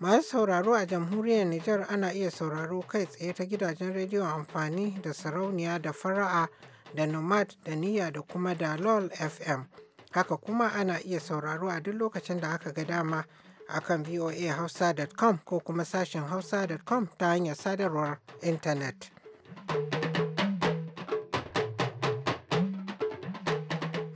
Masu sauraro a jamhuriyar Nijar ana iya sauraro kai tsaye ta gidajen rediyo amfani da sarauniya da fara'a da nomad da niyya da kuma da lol fm. Haka kuma ana iya sauraro a duk lokacin da aka ga dama akan voahausa.com ko kuma sashen hausa.com ta hanyar sadarwar intanet.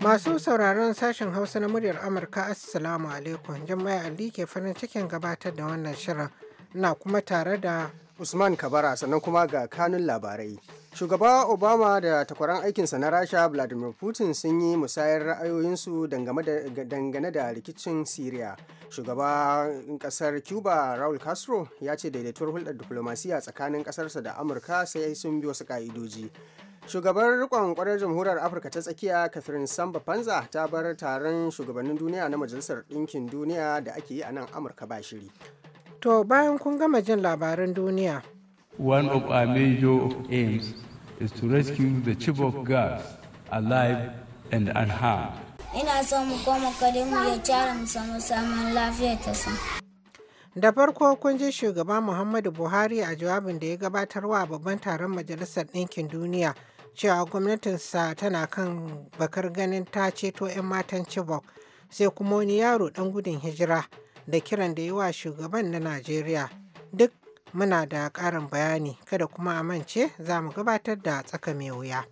Masu sauraron sashen Hausa na muryar Amurka Assalamu alaikum Jummai Ali ke farin cikin gabatar da wannan shirin na kuma tare da Usman Kabara sannan kuma ga kanun labarai. Shugaba Obama da takwaran aikinsa na Rasha Vladimir Putin sun yi musayar ra'ayoyinsu dangane da rikicin syria Shugaban kasar Cuba Raul Castro ya ce daidaituwar hulɗar diplomasiya tsakanin kasarsa da Amurka sai sun bi wasu ka'idoji. Shugaban rikon kwarar jamhuriyar Afirka ta tsakiya Catherine Samba Panza ta bar taron shugabannin duniya na Majalisar Ɗinkin Duniya da ake yi a nan Amurka ba shiri. To bayan kun gama jin labaran duniya. One of our major aims is to rescue the Chibok girls alive and unharmed. Ina so mu koma kare mu ya cara mu samu samun lafiya ta sa. Da farko kun ji shugaba Muhammadu Buhari a jawabin da ya gabatarwa a babban taron Majalisar Ɗinkin Duniya. cewa gwamnatinsa tana kan bakar ganin ta ceto 'yan matan Chibok sai kuma wani yaro ɗan gudun hijira da kiran da yi wa shugaban na Najeriya. Duk muna da ƙarin bayani kada kuma a mance za mu gabatar da tsaka mai wuya.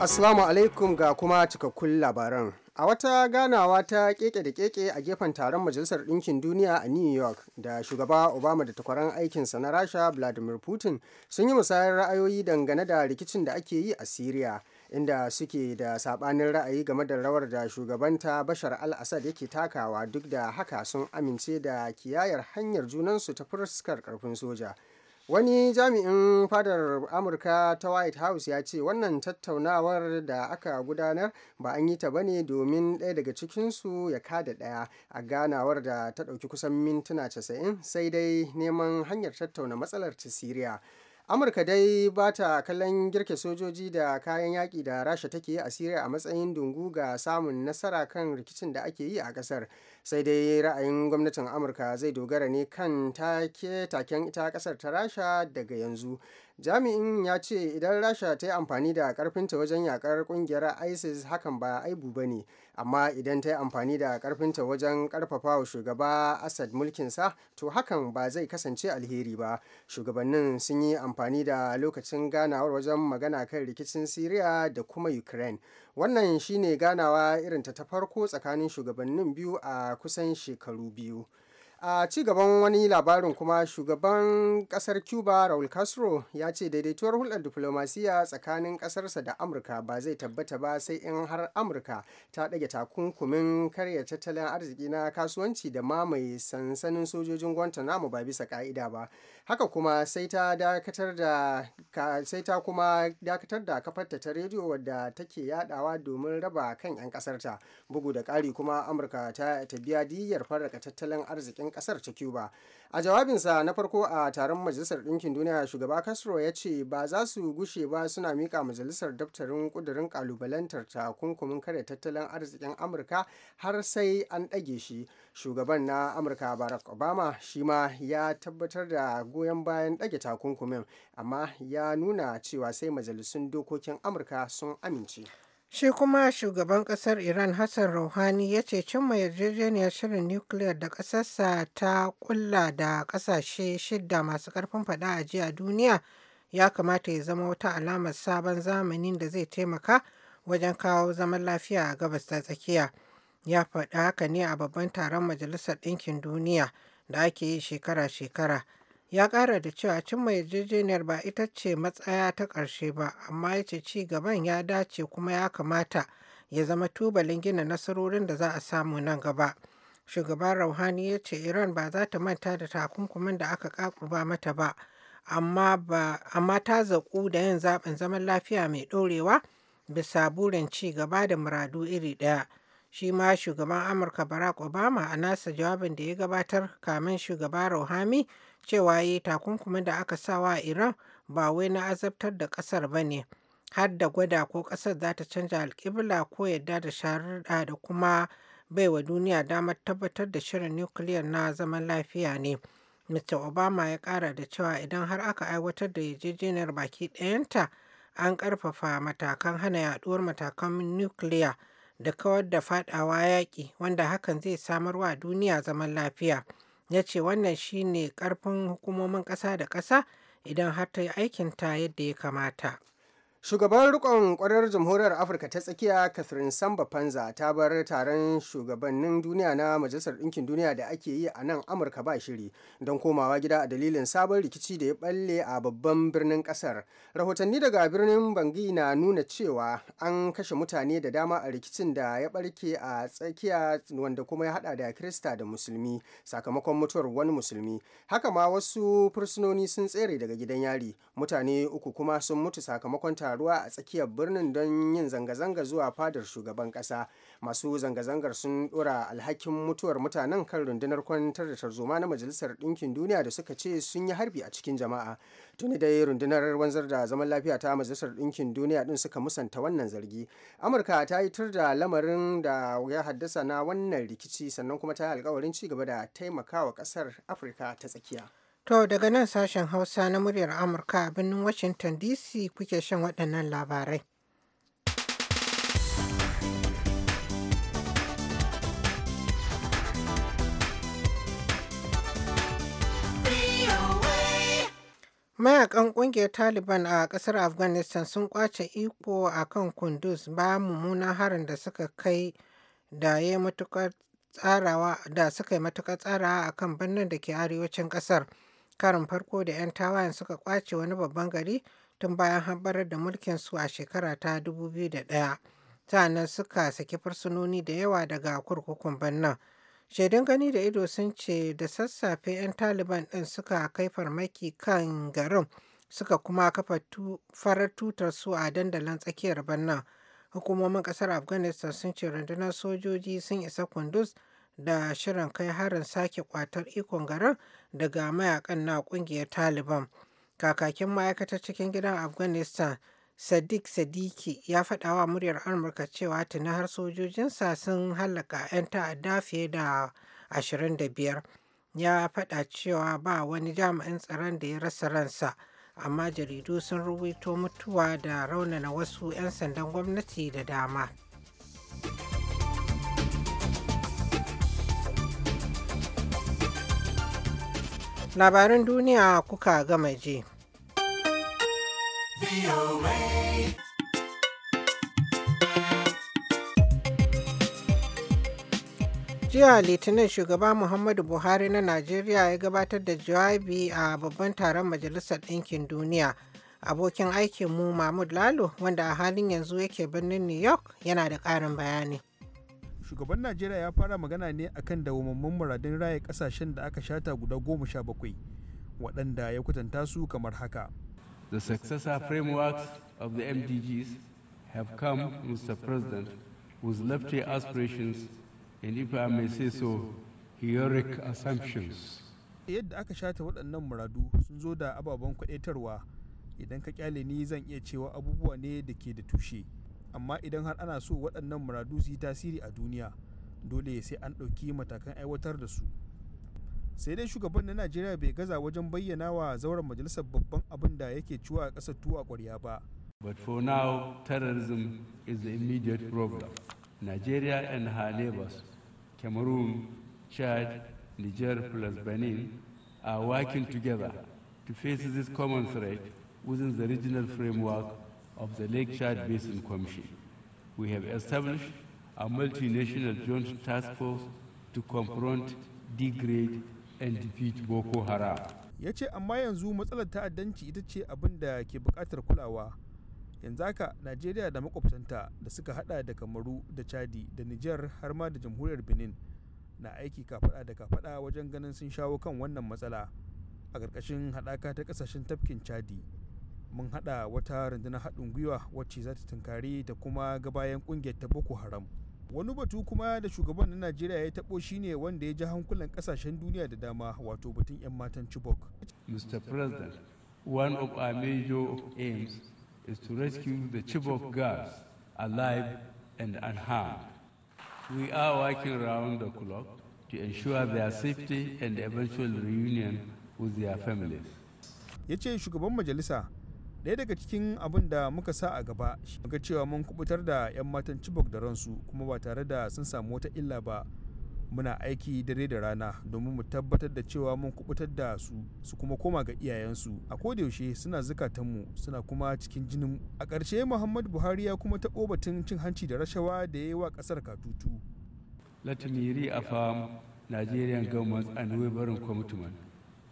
Assalamu alaikum ga kuma cikakkun labaran. A wata ganawa ta keke da keke a gefen taron Majalisar Ɗinkin Duniya a New York da shugaba Obama da takwaran aikinsa na Rasha Vladimir Putin sun yi musayar ra'ayoyi dangane da rikicin da ake yi a Siriya. inda suke da sabanin ra'ayi game da rawar da shugabanta bashar al-assad yake takawa duk da haka sun amince da kiyayar hanyar junansu ta fuskar karfin soja Wani jami'in fadar Amurka ta White House ya ce wannan tattaunawar da aka gudanar ba an yi ta bane domin ɗaya daga cikinsu ya kada ɗaya a ganawar da ta ɗauki kusan mintuna 90 sai dai neman hanyar tattauna matsalar ta Siriya. amurka dai ba ta kallon girke sojoji da kayan yaƙi da rasha take yi a siriya a matsayin dungu ga samun nasara kan rikicin da ake yi a ƙasar sai dai ra'ayin gwamnatin amurka zai dogara ne kan take taken ita ƙasar ta rasha daga yanzu jami'in ya ce idan rasha ta yi amfani da karfinta wajen yaƙar ƙungiyar isis hakan ba aibu ba ne amma idan ta yi amfani da karfinta wajen karfafa wa shugaba asad mulkinsa to hakan ba zai kasance alheri ba shugabannin sun yi amfani da lokacin ganawar wajen magana kan rikicin syria da kuma ukraine wannan shine ganawa irinta ta farko tsakanin shugabannin biyu a kusan shekaru biyu a ci gaban wani labarin kuma shugaban kasar cuba raul castro ya ce daidaituwar hulɗar diflomasiya tsakanin ƙasarsa da amurka ba zai tabbata ba sai in har amurka ta ɗage takunkumin karya tattalin arziki na kasuwanci da mamaye sansanin sojojin gwanta guantanamo ba bisa ka'ida ba haka kuma sai ta dakatar da sai ta kuma dakatar da kafarta ta rediyo wadda take yadawa domin raba kan 'yan kasarta bugu da ƙari kuma amurka ta biya diyyar farraka tattalin arzikin Ƙasar kasar ta cuba a jawabinsa na farko a taron majalisar ɗinkin duniya shugaba castro ya ce ba za su gushe ba suna mika majalisar daftarin ƙudurin kalubalantar takunkumin kare tattalin arzikin amurka har sai an ɗage shi shugaban na amurka barack obama shi ma ya tabbatar da goyon bayan ɗage takunkumin amma ya nuna cewa sai majalisun dokokin amurka sun amince Shi kuma shugaban kasar Iran Hassan Rouhani ya ce cimma yarjejeniyar shirin nukiliyar da ƙasarsa ta kulla da ƙasashe shidda masu karfin faɗa a jiya duniya ya kamata ya zama wata alamar sabon zamanin da zai taimaka wajen kawo zaman lafiya a gabas ta tsakiya. Ya faɗa haka ne a babban taron Majalisar Ɗinkin Duniya da ake yi shekara-shekara. ya ƙara da cewa "Cin mai yarjejeniyar ba ita ce matsaya ta ƙarshe ba amma ya ce ci gaban ya dace kuma ya kamata ya zama tubalin gina nasarorin da za a samu nan gaba shugaban rauhani ya ce iran ba za ta manta da takunkumin da aka kakurba mata ba amma ta zaƙu da yin zaɓin zaman lafiya mai ɗorewa bisa burin ci gaba da muradu iri ɗaya shi ma shugaban amurka barack obama a nasa jawabin da ya gabatar kamin Shugaban rauhani cewa yi takunkumin da aka sawa Iran ba wai na azabtar da ƙasar ba ne, har da gwada ko ƙasar za ta canja alƙibla ko yadda da sharuɗa da kuma baiwa duniya damar tabbatar da shirin nukiliyar na zaman lafiya ne. Mr. Obama ya ƙara da cewa idan har aka aiwatar da yarjejeniyar baki ɗayanta an ƙarfafa matakan hana yaɗuwar matakan nukiliya da kawar da faɗawa yaƙi wanda hakan zai samarwa duniya zaman lafiya. ya ce wannan shine karfin hukumomin ƙasa da ƙasa idan har ta yi aikinta yadda ya kamata Shugaban rikon kwarar jamhuriyar Afirka ta tsakiya Catherine Samba Panza ta bar taron shugabannin duniya na Majalisar Ɗinkin Duniya da ake yi a nan Amurka ba shiri don komawa gida a dalilin sabon rikici da ya balle a babban birnin kasar Rahotanni daga birnin Bangi na nuna cewa an kashe mutane da dama a rikicin da ya barke a tsakiya wanda kuma ya hada da Kirista da Musulmi sakamakon mutuwar wani Musulmi. Haka ma wasu fursunoni sun tsere daga gidan yari. Mutane uku kuma sun mutu sakamakon taruwa a tsakiyar birnin don yin zanga-zanga zuwa fadar shugaban kasa masu zanga-zangar sun dora alhakin mutuwar mutanen kan rundunar kwantar da tarzoma na majalisar ɗinkin duniya da suka ce sun yi harbi a cikin jama'a tuni dai rundunar wanzar da zaman lafiya ta majalisar ɗinkin duniya din suka musanta wannan zargi amurka ta yi tur da lamarin da ya haddasa na wannan rikici sannan kuma ta yi alkawarin ci gaba da taimakawa ƙasar afirka ta tsakiya To daga nan sashen Hausa na muryar Amurka a birnin Washington DC kuke shan waɗannan labarai. Mayakan ƙungiyar Taliban a ƙasar Afghanistan sun kwace iko a kan Kunduz bayan mummunan harin da suka kai da ya matukar tsarawa da suka yi matuƙar tsarawa a kan birnin da ke arewacin ƙasar. karin farko da 'yan tawayen suka kwace wani babban gari tun bayan hambarar da mulkin su a shekara ta 2001 nan suka saki fursunoni da yawa daga kurkukun birnin shaidun gani da ido sun ce da sassafe 'yan taliban ɗin suka kai farmaki kan garin suka kuma kafa farar tutar su a dandalin tsakiyar birnin hukumomin ƙasar afghanistan sun ce rundunar sojoji sun isa Kundus. da shirin kai harin sake kwatar ikon garin daga mayakan na kungiyar taliban kakakin ma'aikatar cikin gidan afghanistan sadiq sadiki ya faɗa wa muryar amurka cewa tuni har sojojinsa sun hallaka 'yan ta'adda fiye da 25 ya faɗa cewa ba wani jami'in tsaron da ya rasa ransa amma jaridu sun rubuto mutuwa da raunana wasu 'yan sandan gwamnati da dama. labaran duniya kuka gama je. jiya litinin shugaba muhammadu buhari na najeriya ya gabatar da jawabi a babban taron majalisar ɗinkin duniya abokin aikinmu mahmud lalo wanda a halin yanzu yake birnin new york yana da ƙarin bayani shugaban najeriya ya fara magana ne akan dawamammun muradun raya kasashen da aka shata guda goma sha bakwai waɗanda ya kwatanta su kamar haka the successor frameworks of the mdgs have come mr president with lofty aspirations and if i may say so heroic assumptions yadda aka shata waɗannan muradu sun zo da ababen kwaɗetarwa idan ka kyale ni zan iya cewa abubuwa ne da ke da tushe amma idan har ana so waɗannan muradu su yi tasiri a duniya dole sai an ɗauki matakan aiwatar da su sai dai shugaban na najeriya bai gaza wajen bayyana wa zauren majalisar babban abin da yake ciwo a ƙasar tuwa ƙwarya ba but for now terrorism is the immediate problem nigeria and her neighbors cameroon chad niger plus benin are working together to face this common threat within the regional framework of the Lake Chad Basin Commission. We have established a multinational joint task force to confront, degrade, and defeat Boko Haram. Ya ce amma yanzu matsalar ta'addanci ita ce abin da ke bukatar kulawa. Yanzu haka Najeriya da makwabtanta da suka hada da Kamaru da Chadi da niger har ma da Jamhuriyar Benin na aiki kafada da kafada wajen ganin sun shawo kan wannan matsala a ƙarƙashin haɗaka ta ƙasashen tafkin Chadi. mun haɗa wata rundunar haɗin gwiwa wacce za ta tunkari da kuma ga bayan ƙungiyar ta boko haram wani batu kuma da shugaban na najeriya ya taɓo shine wanda ya ji hankulan ƙasashen duniya da dama wato batun 'yan matan chibok mr president one of our major aims is to rescue the chibok girls alive and unharmed we are working around the clock to ensure their safety and eventual reunion with their families ya ce shugaban majalisa ɗaya daga cikin abin da muka sa a gaba shi ga cewa mun kubutar da 'yan matan cibok da ransu kuma ba tare da sun samu wata illa ba muna aiki dare da rana domin mu tabbatar da cewa mun kubutar da su su kuma koma ga iyayensu a kodayaushe suna zukatanmu suna kuma cikin jinin a ƙarshe muhammad buhari ya kuma taɓo batun cin hanci da rashawa da ya yi wa ƙasar katutu latiniri a fam nigerian government and wavering commitment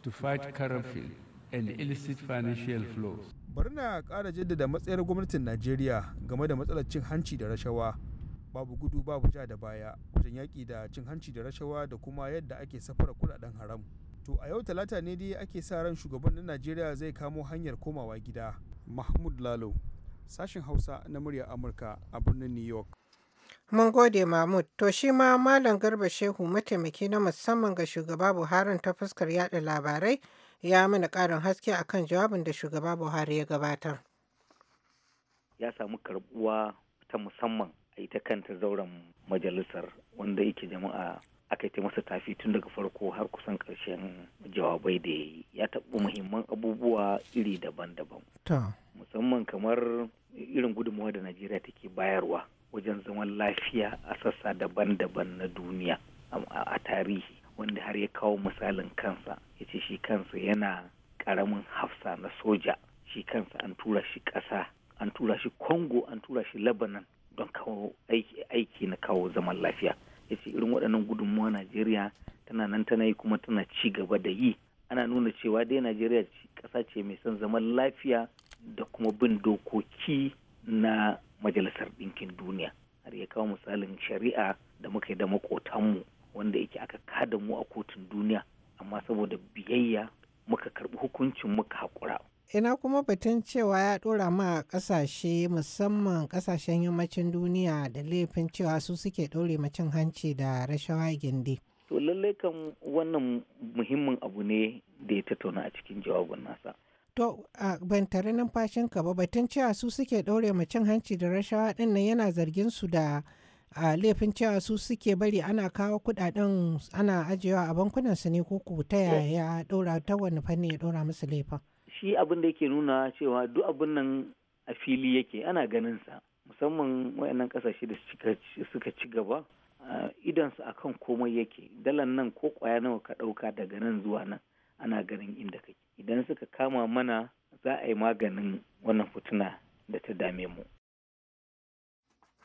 to fight corruption and illicit financial flows bari na kara jaddada matsayar gwamnatin najeriya game da matsalar cin hanci da rashawa babu gudu babu ja da baya wajen yaƙi da cin hanci da rashawa da kuma yadda ake safara kuɗaɗen haram to a yau talata ne dai ake sa ran shugaban na najeriya zai kamo hanyar komawa gida mahmud lalo sashen hausa na muryar amurka a birnin new york mun gode mahmud to shi ma malam garba shehu mataimaki na musamman ga shugaba buharin ta fuskar yada labarai ya mana karin haske a kan jawabin da shugaba Buhari ya gabatar. Ya samu karbuwa ta musamman a ita kanta zauren majalisar wanda yake jama'a aka yi masa tafi tun daga farko har kusan karshen jawabai da ya yi ya taɓa muhimman abubuwa iri daban-daban musamman kamar irin gudunmawa da najeriya take bayarwa wajen zaman lafiya a sassa daban-daban na duniya a tarihi wanda har ya kawo misalin kansa ya ce shi kansa yana ƙaramin hafsa na soja shi kansa an tura shi ƙasa an tura shi congo an tura shi lebanon don kawo aiki na kawo zaman lafiya ya ce irin waɗannan gudunmuwa najeriya tana nan tana yi kuma tana ci gaba da yi ana nuna cewa dai najeriya ƙasa ce mai son zaman lafiya da kuma bin dokoki na majalisar ɗinkin duniya har ya kawo misalin shari'a da muka yi da makotanmu wanda yake aka kada mu a kotun duniya amma saboda biyayya muka karbi hukuncin muka haƙura. ina kuma batun cewa ya ɗora ma ƙasashe musamman ƙasashen yammacin duniya da laifin cewa su suke ɗore macin hanci da rashawa gindi. to lallai kan wannan muhimmin abu ne da ya tattauna a cikin jawabin nasa. To, a ban tare numfashinka ba batun cewa su suke ɗaure cin hanci da rashawa ɗin nan yana zargin su da a laifin cewa su suke bari ana kawo kudaden ana ajiyewa a bankunan su ne ko ta eh. yaya ɗora ta wani fanni ya ɗora musu laifin shi abin da yake nuna cewa duk abin nan a fili yake ana ganin sa musamman wayannan kasashe da suka ci gaba idan su akan komai yake dalan nan ko kwaya nawa ka dauka daga nan zuwa nan ana ganin inda kake idan suka kama mana za a yi maganin wannan fituna da ta dame mu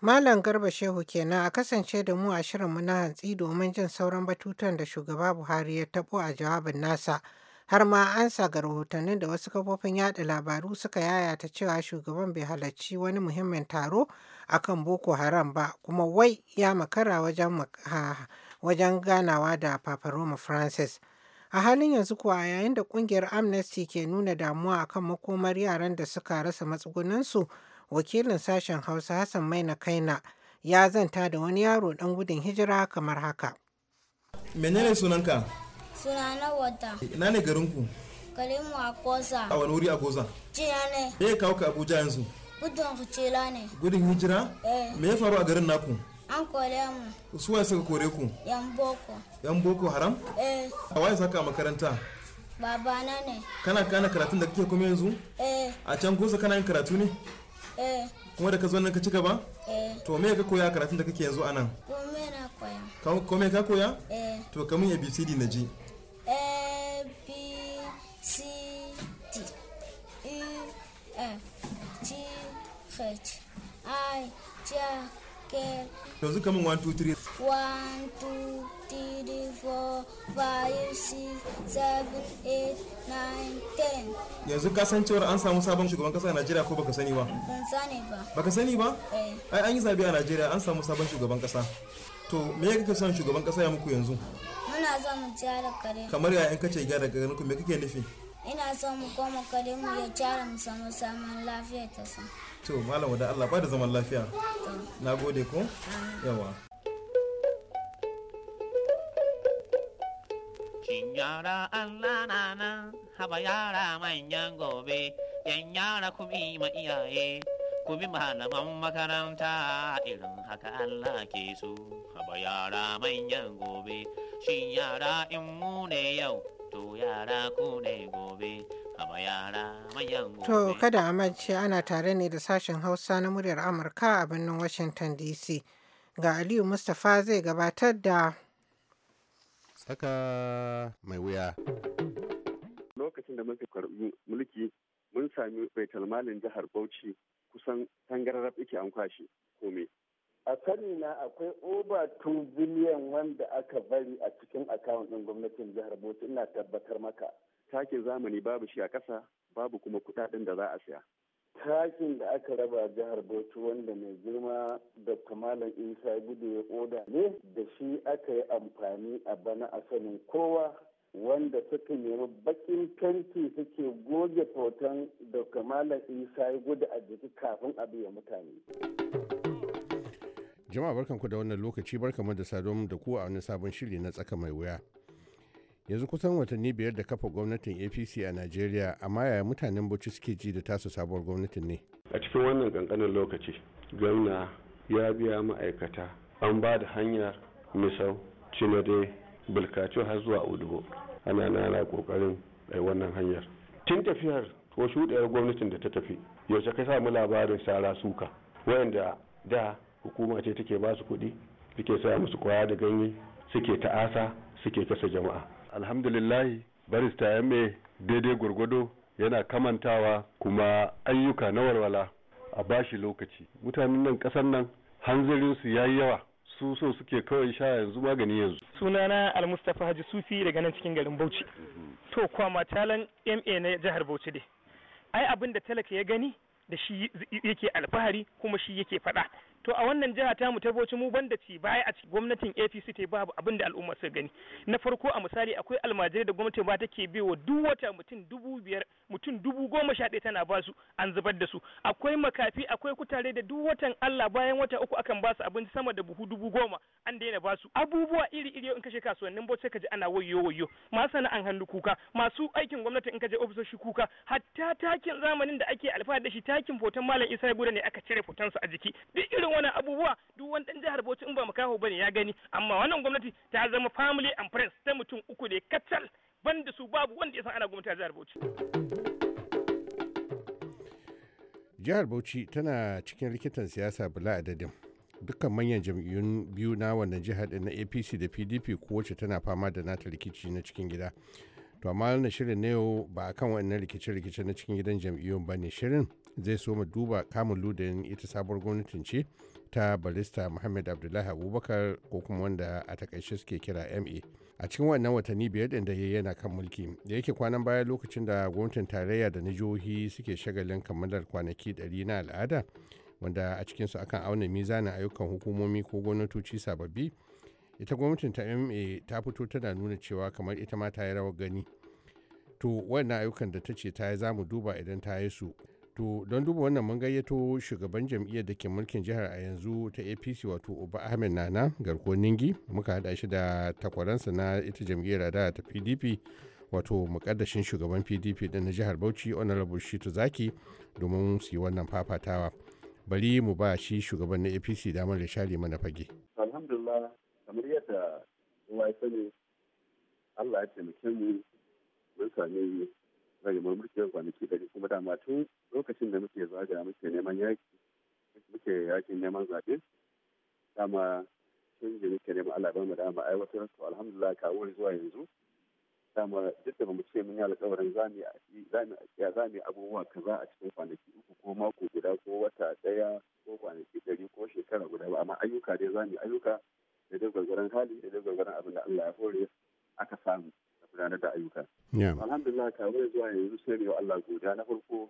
Malam Garba Shehu kenan a kasance da mu a shirinmu na hantsi domin jin sauran batutan da shugaba Buhari ya tabo a jawabin nasa har ma an ga rahotannin da wasu kafofin yada labaru suka yayata cewa shugaban bai halarci wani muhimmin taro akan Boko Haram ba kuma wai ya makara wajen wajen ganawa da Paparoma Francis. A halin yanzu kuwa yayin da kungiyar Amnesty ke nuna damuwa akan makomar yaran da suka rasa matsugunansu wakilin sashen hausa hassan maina kaina ya zanta da wani yaro dan gudun hijira kamar haka menene sunanka sunana wata ina ne garinku garinmu a kosa a wani wuri a kosa jina ne me ya kawo ka abuja yanzu gudun hijira ne gudun hijira eh. me ya faru a garin naku an kore mu su waye suka kore ku yan boko yan boko haram eh a waye saka a makaranta babana ne kana kana karatun da kake kuma yanzu eh a can gosa kana yin karatu ne Eh. kuma da ka zo nan ka ci gaba eh to me ka koya karatun da kake yanzu anan komai na koya ka ka koya eh to kamun abcd na ji a b c d e f g h i j again. Yanzu kamin 1, 2, 3. 1, 2, 3, 4, 5, 6, 7, 8, 9, 10. Yanzu ka san cewar an samu sabon shugaban kasa a Najeriya ko baka sani ba? Ban sani ba. Baka sani ba? Eh. Ai an yi zabe a Najeriya an samu sabon shugaban kasa. To me ya kake son shugaban kasa ya muku yanzu? Muna son mu gyara kare. Kamar ya in kace gyara kare ku me kake nufi? ina so mu koma kare mu ya cara mu samu saman lafiya ta sa to malam da Allah ba da zaman lafiya na gode ko yawa Allah na nan haba yara manyan gobe yan yara ku bi ma iyaye ku bi malaman makaranta irin haka Allah ke so haba yara manyan gobe shin yara in mu ne yau to kada a mace ana tare ne da sashen hausa na muryar amurka a birnin washington dc ga aliyu mustapha zai gabatar da Saka mai wuya lokacin da muke karɓi mulki mun sami baitalmalin jihar bauchi kusan tangararrab yake an kwashe kome a sani na akwai over 2 biliyan wanda aka bari a cikin akawun ɗin gwamnatin jihar bauchi ina tabbatar maka takin zamani babu shi a ƙasa babu kuma kuɗaɗen da za a siya takin da aka raba jihar bauchi wanda mai girma da malam isa gudu ya oda ne da shi aka yi amfani a bana a sanin kowa wanda suka nemi bakin fenti suke goge hoton da malam isa gudu a jiki kafin abu ya mutane Jama'a barkanku da wannan lokaci barkanmu da saduwa da ku a wani sabon shiri na tsaka mai wuya. Yanzu kusan watanni biyar da kafa gwamnatin APC a Najeriya amma yaya mutanen Bauchi suke ji da tasu sabuwar gwamnatin ne? A cikin wannan kankanin lokaci gwamna ya biya ma'aikata an ba da hanyar misau cinade bulkacin har zuwa udugo ana nana kokarin a wannan hanyar tun tafiyar ko shuɗayar gwamnatin da ta tafi yaushe ka samu labarin sara suka wayanda da hukuma ce take ba su kuɗi suke sa musu kwaya da ganye suke ta'asa suke kasa jama'a alhamdulillahi barista ya mai daidai gwargwado yana kamantawa kuma ayyuka na walwala a bashi lokaci mutanen nan ƙasar nan hanzarinsu ya yi yawa su so suke kawai sha yanzu magani yanzu. Sunana Almustapha Haji Sufi daga nan cikin garin Bauchi. To kwama matalan MA na jihar Bauchi dai. Ai abin da talaka ya gani da shi yake alfahari kuma shi yake faɗa. to a wannan jiha ta mu ta Bauchi mu banda ci baya a cikin gwamnatin APC ta babu abin da al'umma su gani na farko a misali akwai almajirai da gwamnati ba take bi wa duk wata mutum dubu biyar mutum dubu goma sha ɗaya tana ba su an zubar da su akwai makafi akwai kutare da duk watan Allah bayan wata uku akan ba su abinci sama da buhu dubu goma an daina ba su abubuwa iri iri in kashe kasuwannin Bauchi ka ji ana wayyo wayyo masu an hannu kuka masu aikin gwamnati in ka je ofisoshi kuka hatta takin zamanin da ake alfahari da shi takin foton malam Isa Gure ne aka cire fotonsa a jiki duk irin wani abubuwa duk wani dan jihar Bauchi in ba makaho bane ya gani amma wannan gwamnati ta zama family and friends ta mutum uku ne kacal banda su babu wanda ya san ana gwamnati jihar Bauchi jihar Bauchi tana cikin likitan siyasa bala adadin dukkan manyan jam'iyyun biyu na wannan jihar na APC da PDP kowace tana fama da nata rikici na cikin gida to amma wannan shirin ne yau ba akan wannan rikice-rikice na cikin gidan jam'iyyun ba ne shirin zai so mu duba kamun ludin ita sabuwar gwamnatin ce ta barista muhammad abdullahi abubakar ko kuma wanda a takaice suke kira ma a cikin wannan watanni biyar din da yana kan mulki da yake kwanan baya lokacin da gwamnatin tarayya da na jihohi suke shagalin kammalar kwanaki ɗari na al'ada wanda a cikinsu akan auna mizanin ayyukan hukumomi ko gwamnatoci sababbi ita gwamnatin ta ma ta fito tana nuna cewa kamar ita ma ta yi rawar gani to wannan ayyukan da ta ce ta yi za mu duba idan ta yi su To don duba wannan mun gayyato shugaban jam'iyyar da ke mulkin jihar a yanzu ta APC wato Uba Ahmed Nana garko Ningi muka hada shi da takwaransa na ita jam'iyyar da ta PDP wato mukaddashin shugaban PDP da na jihar Bauchi Honorable Shitu Zaki domin su yi wannan fafatawa. Bari mu ba shi shugaban na APC damar da share mana fage. Alhamdulillah kamar yadda kowa ya sani Allah ya taimake mu mun sami rayuwar mulkin kwanaki dari kuma dama tun lokacin da muke zaga muke neman yaki muke yakin neman zaɓe dama canji muke neman Allah ba mu dama aiwatar to alhamdulillah kawo zuwa yanzu dama duk da bamu ce mun yi alƙawarin za mu abubuwa kaza a cikin kwanaki uku ko mako guda ko wata ɗaya ko kwanaki ɗari ko shekara guda ba amma ayyuka dai za mu ayyuka da dai gwagwaran hali da dai gwagwaran abin da Allah ya hore aka samu da gudanar da ayyuka. Alhamdulillah kawo zuwa yanzu sai ne wa Allah guda na farko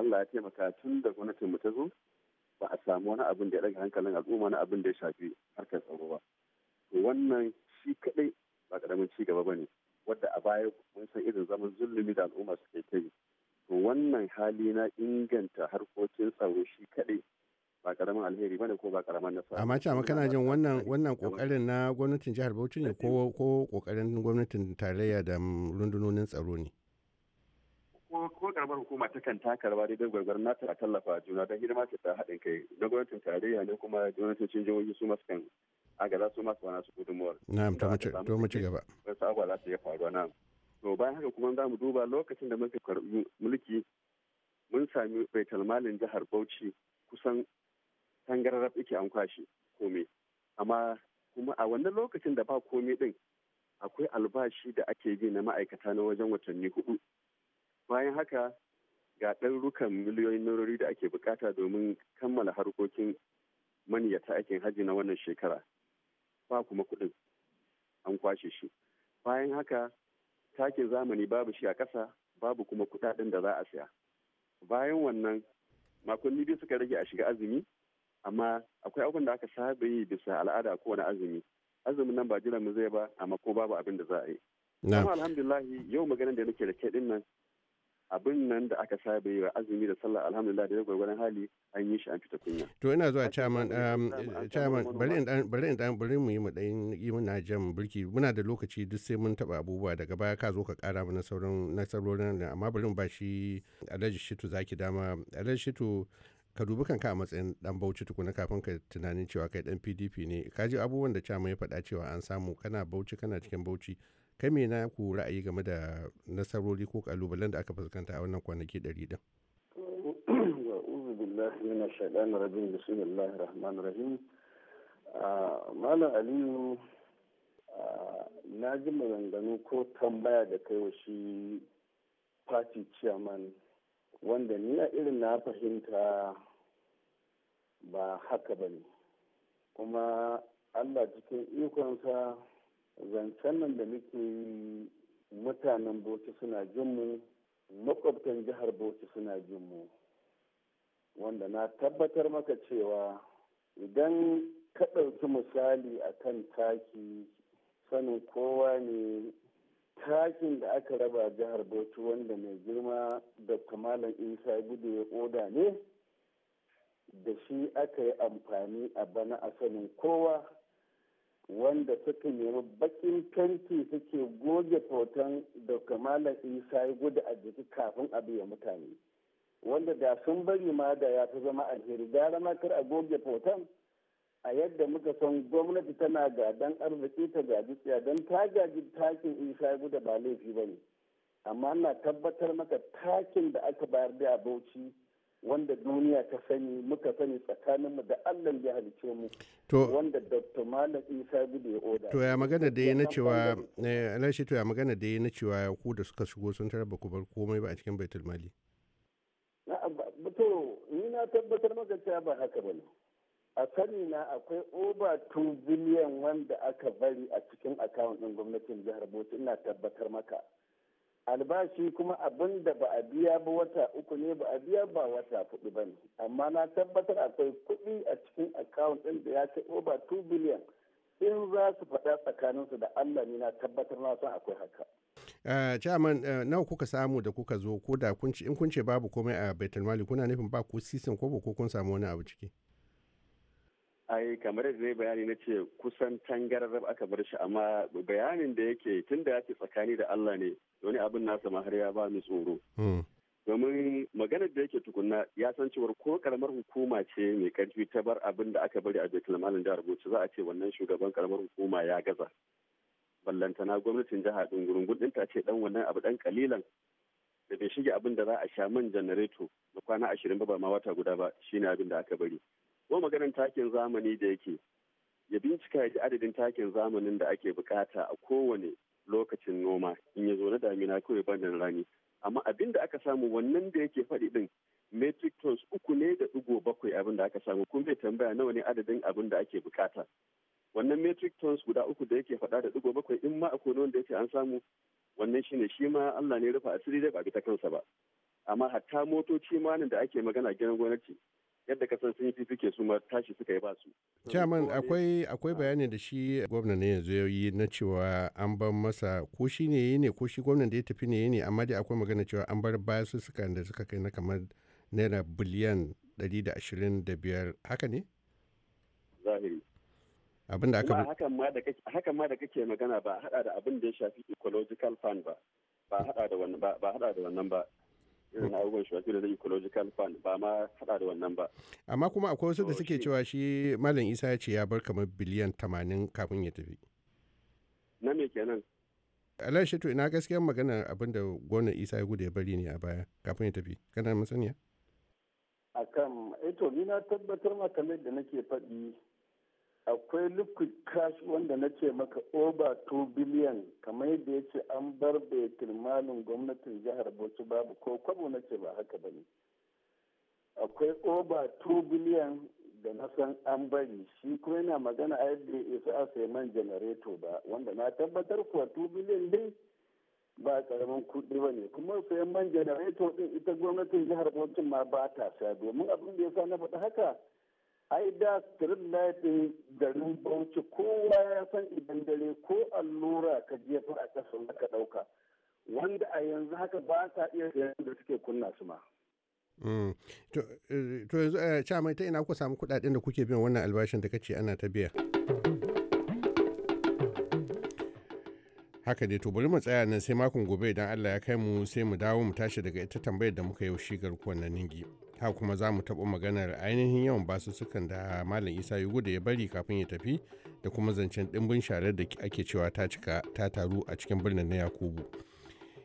Allah ya taimaka tun da gwamnatin mu ta zo ba a samu wani abin da ya rage hankalin al'umma na abin da ya shafi harkar tsaro ba to wannan shi kadai ba ƙaramin ci gaba ba ne wadda a baya mun san irin zaman zulumi da al'umma suke ta yi to wannan hali na inganta harkokin tsaro shi kadai ba ƙaramin alheri ba ne ko ba ƙaramin nasara amma ce amma kana jin wannan wannan kokarin na gwamnatin jihar Bauchi ne ko ko kokarin gwamnatin tarayya da rundunonin tsaro ne ko karamar hukuma ta kan taka rawa don gwargwaron nata a tallafa juna don hidima ce ta haɗin kai na gwamnatin tarayya ne kuma gwamnatocin jihohi su masu kan agada su masu wani su gudunmuwar. Na'am to mu ci gaba. Wasu abuwa za su iya faruwa na. To bayan haka kuma za mu duba lokacin da muka karɓi mulki mun sami malin jihar Bauchi kusan tangararraf ike an kwashe komai. Amma kuma a wannan lokacin da ba komai din akwai albashi da ake bi na ma'aikata na wajen watanni hudu bayan haka ga ɗarurukan miliyoyin narori da ake bukata domin kammala harkokin maniyyata aikin hajji na wannan shekara ba kuma kuɗin an kwashe shi bayan haka takin zamani babu shi a ƙasa babu kuma kuɗaɗen da za a siya bayan wannan makonni biyu suka rage a shiga azumi amma akwai abin da aka saba yi bisa al'ada ko wani azumi azumin nan ba jiran mu zai ba amma ko babu abin da za a yi. Amma yau maganar da nake da ke din nan abin nan da aka saba yi wa azumi da sallah alhamdulillah da gwargwaron hali an yi shi an fita kunya to ina zuwa chairman um, chairman bari in dan bari in mu yi mu dan yi muna jam burki muna da lokaci duk sai mun taba abubuwa daga baya ka zo ka kara mana sauran nasarorin nan amma bari mu ba shi Alhaji Shitu zaki dama Alhaji Shitu ka dubi kanka a matsayin dan bauchi tukuna kafin ka tunanin cewa kai dan PDP ne ka ji abubuwan da chairman ya faɗa cewa an samu kana bauchi kana cikin bauchi kai me na ku ra'ayi game da nasarori ko kalubalen da aka fuskanta a wannan kwanaki ɗari ɗin rahim ah, malam aliyu ah, na ji maganganu ko tambaya da kai shi party chairman wanda ni a irin na fahimta ba haka ba ne kuma allah cikin ikonsa zancen nan da muke yi mutanen bauchi suna jinmu makwabtan jihar bauchi suna jinmu wanda na tabbatar maka cewa idan ka ɗauki misali a kan taki sanin kowa ne takin da aka raba jihar bauchi wanda mai girma dr malam isa gudu ya koda ne da shi aka yi amfani a bana a sanin kowa wanda suka nemi bakin kanti suke goge hoton da kamalan isa ya gudu a jiki kafin a biya mutane wanda da sun bari ma da ya fi zama alheri gara ma kar a goge hoton a yadda muka san gwamnati tana gadon arziki ta gaji tsaya don ta gaji takin isa ya gudu ba laifi ba ne amma na tabbatar maka takin da aka bayar da bauchi wanda duniya ta sani muka sani tsakaninmu da Allah ya halice mu wanda Dr. Malam Isa Gudu ya oda. To ya magana da ya na cewa eh, Alashi to ya magana da ya na cewa ku da suka shigo sun tara ba ku bar komai ba a cikin Baitul Mali. To ni na tabbatar maka cewa ba haka A sani na akwai over two billion wanda aka bari a cikin akawun ɗin gwamnatin jihar Bauchi ina tabbatar maka. albashi kuma abin da ba a biya ba wata uku ne ba a biya ba wata kuɗi ba ne amma na tabbatar akwai kuɗi a cikin akawun ɗin da ya kai over 2 billion in za su faɗa tsakaninsu da allah ne na tabbatar na san akwai haka eh, chairman eh, nawa kuka samu da kuka zo ko da in kun ce babu komai a mali kuna nufin ba ku sisin ko ko kun samu wani abu ciki ai kamar yadda ne bayani na ce kusan tangarar aka bar shi amma bayanin da yake tun da ya ce tsakani da Allah ne wani abin nasa ma har ya ba ni tsoro hmm. domin maganar da yake tukunna ya san cewar ko karamar hukuma ce mai karfi ta bar abin da aka bari a betul malin jihar bauchi za a ce wannan shugaban karamar hukuma ya gaza ballantana gwamnatin jihar din gudun gudun ta ce dan wannan abu dan kalilan da bai shige abin da za a sha man janareto na kwana ashirin ba ba ma wata guda ba shine abin da aka bari ko maganar takin zamani da yake ya bincika ya ji adadin takin zamanin da ake bukata a kowane lokacin noma in ya zo na damina kawai banda rani amma abin da aka samu wannan da yake faɗi din metric tons uku ne da ɗigo bakwai abin da aka samu kun zai tambaya nawa ne adadin abin da ake bukata wannan metric tons guda uku da yake faɗa da ɗigo bakwai in ma akwai wanda yake an samu wannan shine shi ma Allah ne rufa asiri dai ba bi ta kansa ba amma hatta motoci ma da ake magana gidan gwamnati yadda ka san sun yi fifike su ma tashi suka yi ba su. Chairman akwai akwai bayani da shi gwamna ne yanzu ya yi na cewa an bar masa ko shi ne yi ne ko shi gwamna da ya tafi ne yi ne amma dai akwai magana cewa an bar su suka da suka kai na kamar naira biliyan 125 haka ne? Zahiri. abin da aka bi hakan ma da kake magana ba hada da abin da ya shafi ecological fund ba ba hada da wannan ba irin abubuwan shafi da ecological fund ba ma faɗa da wannan ba amma kuma akwai wasu da suke cewa shi malam isa ya ce ya bar kamar biliyan tamanin kafin ya tafi na me kenan alai shi ina gaskiyar magana abin da gwamnan isa ya gudu ya bari ne a baya kafin ya tafi kana masaniya akan eto eh ni na tabbatar maka da nake faɗi akwai liquid cash wanda na ce maka over 2 billion kamar da ya ce an bar baitul malin gwamnatin jihar bauchi babu ko kwabo na ce ba haka ba ne akwai over 2 billion da na san an bari shi kuma yana magana a yadda ya isa a sai man janareto ba wanda na tabbatar kuwa 2 billion dai ba karamin kuɗi ba ne kuma sayan man janareto din ita gwamnatin jihar bauchi ma ba ta sa domin abin da ya sa na faɗi haka ai da strip light garin bauchi kowa ya san idan dare ko allura ka jefa a kasan ka dauka wanda a yanzu haka ba ta iya da suke kunna su ma mm. eh, to yanzu eh, cha mai ta ina ku samu kudaden da kuke biyan wannan albashin da kace ana ta biya haka dai to bari mu tsaya nan sai makon gobe idan Allah ya kai mu sai mu dawo mu tashi daga ita tambayar da muka yi shigar garkuwan na ningi ha kuma za mu taɓa maganar ainihin yawan basussukan da malam isa yugo da ya bari kafin ya tafi da kuma zancen ɗimbin sharar da ake cewa ta cika ta taru a cikin birnin na yakubu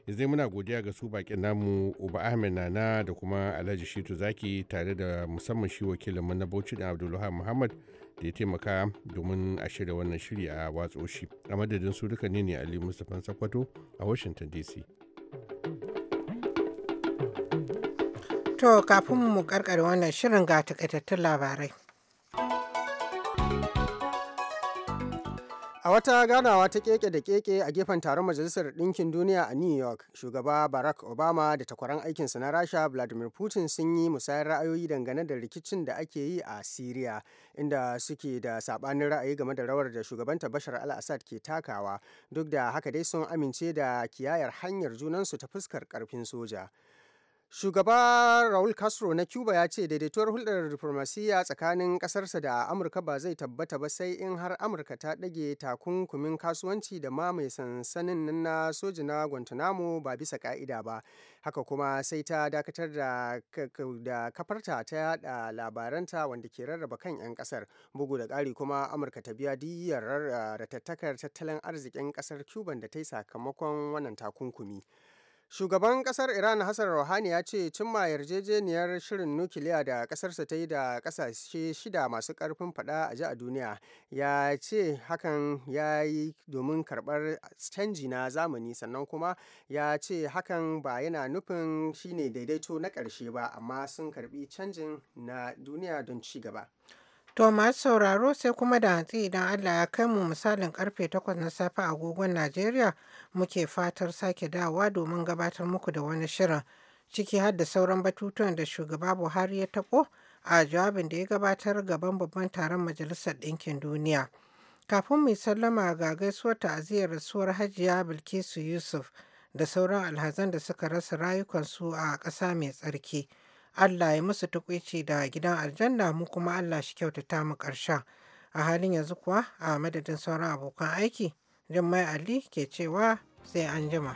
izai muna godiya ga su bakin namu uba ahmed nana da kuma alhaji shitu zaki tare da musamman shi wakilinmu na bauchi da abdullahi muhammad da ya taimaka domin a shirya wannan shiri a watsoshi a madadin su duka ne ne ali mustapha sakwato a washington dc To kafin mu karkare wannan shirin ga takaitattun labarai. A wata ganawa ta keke da keke a gefen taron Majalisar Ɗinkin Duniya a New York, shugaba Barack Obama da takwaran aikinsa na Rasha Vladimir Putin sun yi musayar ra'ayoyi dangane da rikicin da ake yi a syria inda suke da sabanin ra'ayi game da rawar da shugabanta Bashar al-Assad ke takawa, duk da haka dai sun amince da kiyayar hanyar junansu ta fuskar karfin soja. Shugaba Raul Castro na Cuba ya ce daidaituwar hulɗar diflomasiyya tsakanin ƙasarsa da Amurka ba zai tabbata ba sai in har Amurka ta ɗage takunkumin kasuwanci da ma mai sansanin nan na soji na Guantanamo ba bisa ƙa'ida ba. Haka kuma sai ta dakatar da, da kafarta ta yaɗa labaranta wanda ke rarraba kan 'yan ƙasar. Bugu da ƙari kuma Amurka ta biya diyyar ah, ratattakar tattalin arzikin ƙasar Cuban da ta yi sakamakon wannan takunkumi. Shugaban kasar Iran Hassan Rouhani ya ce cimma yarjejeniyar shirin nukiliya da kasarsa ta yi da kasashe shida masu karfin fada a ji a duniya ya ce hakan ya yi domin karbar canji na zamani sannan kuma ya ce hakan ba yana nufin shine daidaito na ƙarshe ba amma sun karbi canjin na duniya don ci gaba. To masu sauraro sai kuma da hantsi idan Allah ya kai mu misalin karfe 8 na safe a agogon Najeriya muke fatar sake dawowa domin gabatar muku da wani shirin ciki har da sauran batutuwan da shugaba Buhari ya taɓo a jawabin da ya gabatar gaban babban taron Majalisar Ɗinkin Duniya. Kafin mu sallama ga gaisuwar ta'aziyar rasuwar Hajiya Bilkisu Yusuf da sauran alhazan da suka rasa rayukansu a ƙasa mai tsarki. Allah ya musu tukuici da gidan aljanna mu kuma Allah shi kyautata mu ƙarshen. A halin yanzu kuwa a madadin sauran abokan aiki, Jummai Ali ke cewa sai an jima.